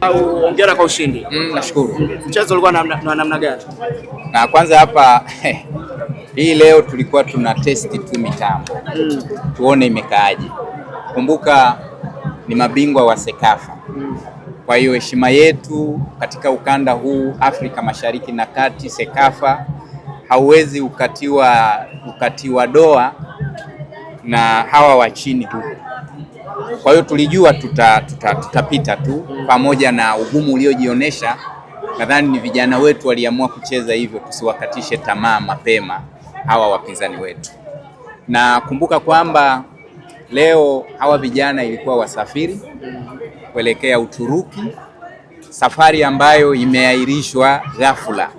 Au hongera kwa ushindi. Mm, nashukuru. Mm, mchezo ulikuwa na namna na, na gani? Na kwanza hapa hii leo tulikuwa tuna testi tu mitambo mm, tuone imekaaje. Kumbuka ni mabingwa wa Sekafa mm. Kwa hiyo heshima yetu katika ukanda huu Afrika Mashariki na Kati, Sekafa hauwezi ukatiwa ukatiwa doa na hawa wa chini huko. Kwa hiyo tulijua tutapita tuta, tuta tu pamoja na ugumu uliojionyesha. Nadhani ni vijana wetu waliamua kucheza hivyo, tusiwakatishe tamaa mapema hawa wapinzani wetu, na kumbuka kwamba leo hawa vijana ilikuwa wasafiri kuelekea Uturuki, safari ambayo imeahirishwa ghafula,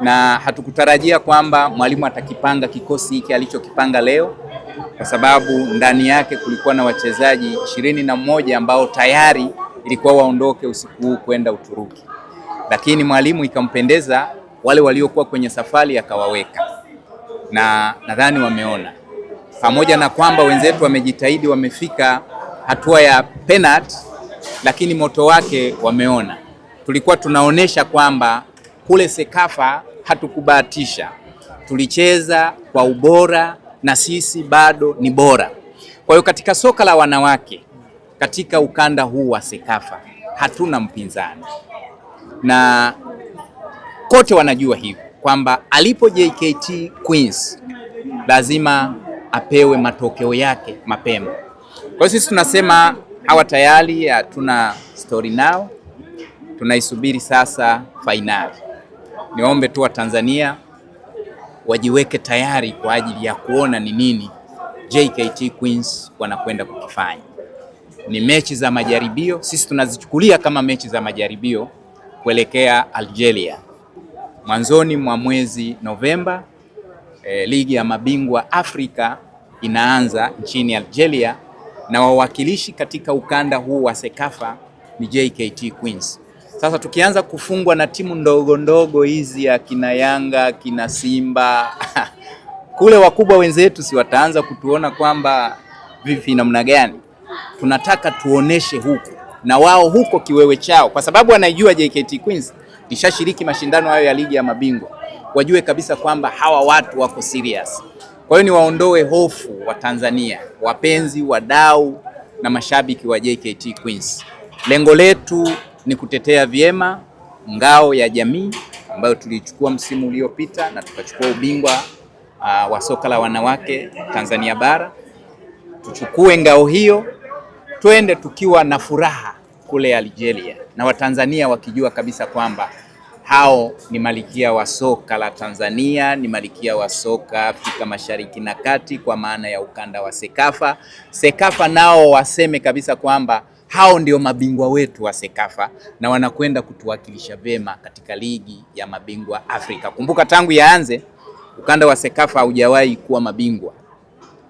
na hatukutarajia kwamba mwalimu atakipanga kikosi hiki alichokipanga leo kwa sababu ndani yake kulikuwa na wachezaji ishirini na moja ambao tayari ilikuwa waondoke usiku huu kwenda Uturuki, lakini mwalimu ikampendeza wale waliokuwa kwenye safari akawaweka, na nadhani wameona, pamoja na kwamba wenzetu wamejitahidi, wamefika hatua ya penalti, lakini moto wake wameona. Tulikuwa tunaonesha kwamba kule Sekafa hatukubahatisha, tulicheza kwa ubora na sisi bado ni bora. Kwa hiyo katika soka la wanawake katika ukanda huu wa Sekafa hatuna mpinzani, na kote wanajua hivyo kwamba alipo JKT Queens lazima apewe matokeo yake mapema. Kwa hiyo sisi tunasema hawa tayari hatuna stori nao, tunaisubiri sasa fainali. Niombe tu Watanzania wajiweke tayari kwa ajili ya kuona ni nini JKT Queens wanakwenda kukifanya. Ni mechi za majaribio, sisi tunazichukulia kama mechi za majaribio kuelekea Algeria mwanzoni mwa mwezi Novemba. E, ligi ya mabingwa Afrika inaanza nchini Algeria na wawakilishi katika ukanda huu wa Sekafa ni JKT Queens. Sasa tukianza kufungwa na timu ndogo ndogo hizi akina Yanga akina Simba kule wakubwa wenzetu, si wataanza kutuona kwamba vipi, namna gani tunataka tuoneshe huku na wao huko kiwewe chao, kwa sababu wanaijua JKT Queens ishashiriki mashindano hayo ya ligi ya mabingwa, wajue kabisa kwamba hawa watu wako serious. Kwa hiyo niwaondoe hofu wa Tanzania, wapenzi, wadau na mashabiki wa JKT Queens. Lengo letu ni kutetea vyema ngao ya jamii ambayo tulichukua msimu uliopita na tukachukua ubingwa uh, wa soka la wanawake Tanzania bara. Tuchukue ngao hiyo twende tukiwa na furaha kule Algeria na Watanzania wakijua kabisa kwamba hao ni malikia wa soka la Tanzania, ni malikia wa soka Afrika Mashariki na Kati, kwa maana ya ukanda wa Sekafa. Sekafa nao waseme kabisa kwamba hao ndio mabingwa wetu wa Sekafa na wanakwenda kutuwakilisha vyema katika ligi ya mabingwa Afrika. Kumbuka tangu yaanze ukanda wa Sekafa haujawahi kuwa mabingwa.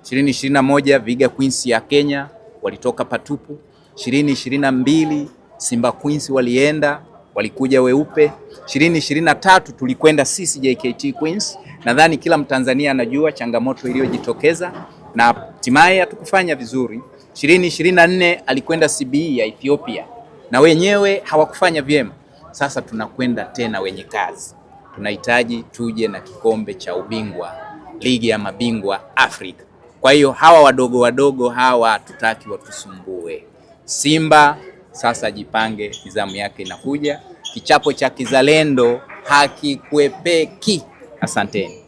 2021 Viga Queens ya Kenya walitoka patupu. 2022 Simba Queens walienda walikuja weupe. 2023 tulikwenda sisi JKT Queens. Nadhani kila Mtanzania anajua changamoto iliyojitokeza na hatimaye hatukufanya vizuri. 2024 alikwenda CBE ya Ethiopia na wenyewe hawakufanya vyema. Sasa tunakwenda tena wenye kazi, tunahitaji tuje na kikombe cha ubingwa ligi ya mabingwa Afrika. Kwa hiyo hawa wadogo wadogo hawa hatutaki watusumbue. Simba sasa jipange, nizamu yake inakuja. Kichapo cha kizalendo hakikwepeki. Asanteni.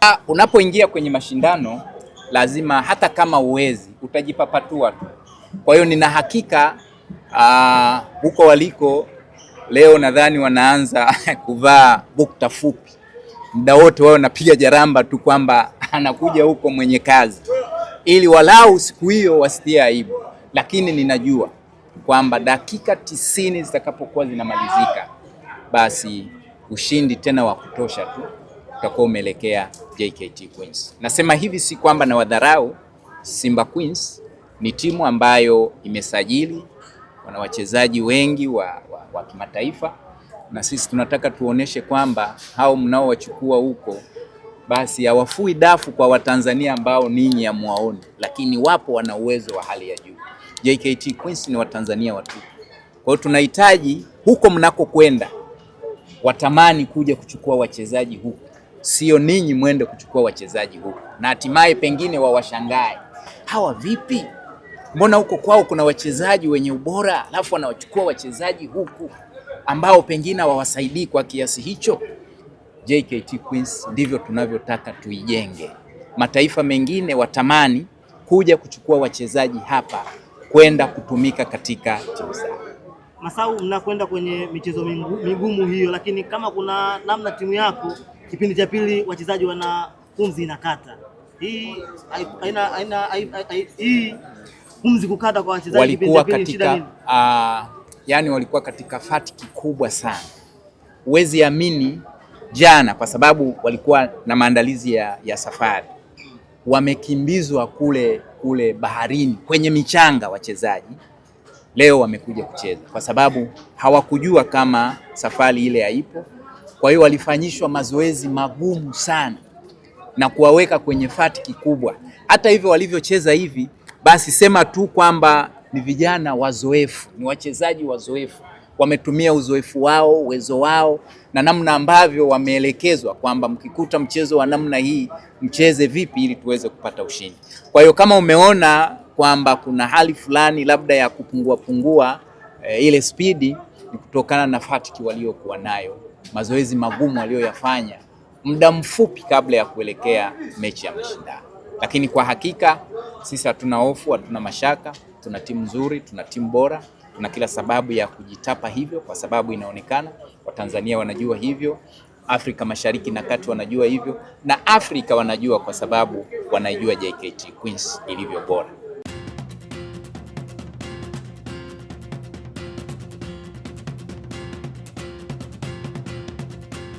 Ah, unapoingia kwenye mashindano lazima hata kama uwezi utajipapatua tu. Kwa hiyo nina hakika ah, huko waliko leo nadhani wanaanza kuvaa bukta fupi, muda wote wao wanapiga jaramba tu kwamba anakuja huko mwenye kazi, ili walau siku hiyo wasitie aibu. Lakini ninajua kwamba dakika tisini zitakapokuwa zinamalizika, basi ushindi tena wa kutosha tu utakuwa umeelekea JKT Queens. Nasema hivi si kwamba na wadharau Simba Queens, ni timu ambayo imesajili, wana wachezaji wengi wa, wa, wa kimataifa, na sisi tunataka tuoneshe kwamba hao mnaowachukua huko basi hawafui dafu kwa Watanzania ambao ninyi hamwaoni, lakini wapo wana uwezo wa hali ya juu. JKT Queens ni Watanzania watu Kwa hiyo tunahitaji huko mnakokwenda watamani kuja kuchukua wachezaji huko sio ninyi mwende kuchukua wachezaji huko na hatimaye pengine wawashangae hawa vipi, mbona huko kwao kuna wachezaji wenye ubora alafu wanawachukua wachezaji huku ambao pengine hawawasaidii kwa kiasi hicho. JKT Queens ndivyo tunavyotaka tuijenge. Mataifa mengine watamani kuja kuchukua wachezaji hapa kwenda kutumika katika timu zao. Masau, mnakwenda kwenye michezo migumu hiyo, lakini kama kuna namna timu yako Kipindi cha pili wachezaji wana pumzi inakata. Hii hii pumzi kukata kwa wachezaji walikuwa katika uh, yani walikuwa katika fatiki kubwa sana, huwezi amini jana, kwa sababu walikuwa na maandalizi ya, ya safari wamekimbizwa kule kule baharini kwenye michanga wachezaji. Leo wamekuja kucheza kwa sababu hawakujua kama safari ile haipo. Kwa hiyo walifanyishwa mazoezi magumu sana na kuwaweka kwenye fatiki kubwa. Hata hivyo walivyocheza hivi, basi sema tu kwamba ni vijana wazoefu, ni wachezaji wazoefu, wametumia uzoefu wao, uwezo wao na namna ambavyo wameelekezwa kwamba mkikuta mchezo wa namna hii mcheze vipi ili tuweze kupata ushindi. Kwa hiyo kama umeona kwamba kuna hali fulani labda ya kupungua pungua e, ile spidi ni kutokana na fatiki waliokuwa nayo mazoezi magumu aliyoyafanya muda mfupi kabla ya kuelekea mechi ya mashindano. Lakini kwa hakika sisi hatuna hofu, hatuna mashaka, tuna timu nzuri, tuna timu bora, tuna kila sababu ya kujitapa hivyo, kwa sababu inaonekana Watanzania wanajua hivyo, Afrika Mashariki na Kati wanajua hivyo, na Afrika wanajua, kwa sababu wanaijua JKT Queens ilivyo bora.